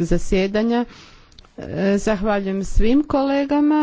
zasjedanja. E, zahvaljujem svim kolegama.